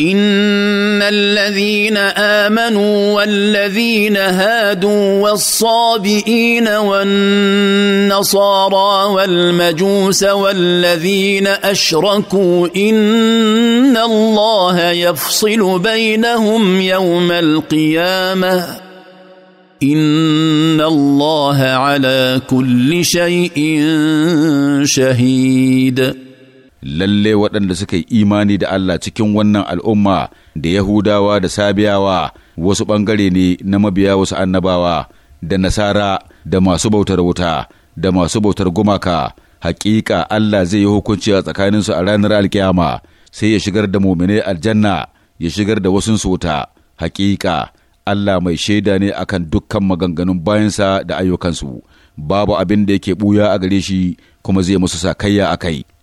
ان الذين امنوا والذين هادوا والصابئين والنصارى والمجوس والذين اشركوا ان الله يفصل بينهم يوم القيامه ان الله على كل شيء شهيد lalle waɗanda suka yi imani da Allah cikin wannan al'umma da Yahudawa da Sabiyawa wasu ɓangare ne na mabiya wasu annabawa da Nasara da masu bautar wuta da masu bautar gumaka hakika Allah zai yi hukunci a tsakaninsu a ranar alkiyama sai ya shigar da muminai aljanna ya shigar da wasu wuta hakika Allah mai shaida ne akan dukkan maganganun bayansa da ayyukansu babu abin da yake buya a gare shi kuma zai musu sakayya a kai.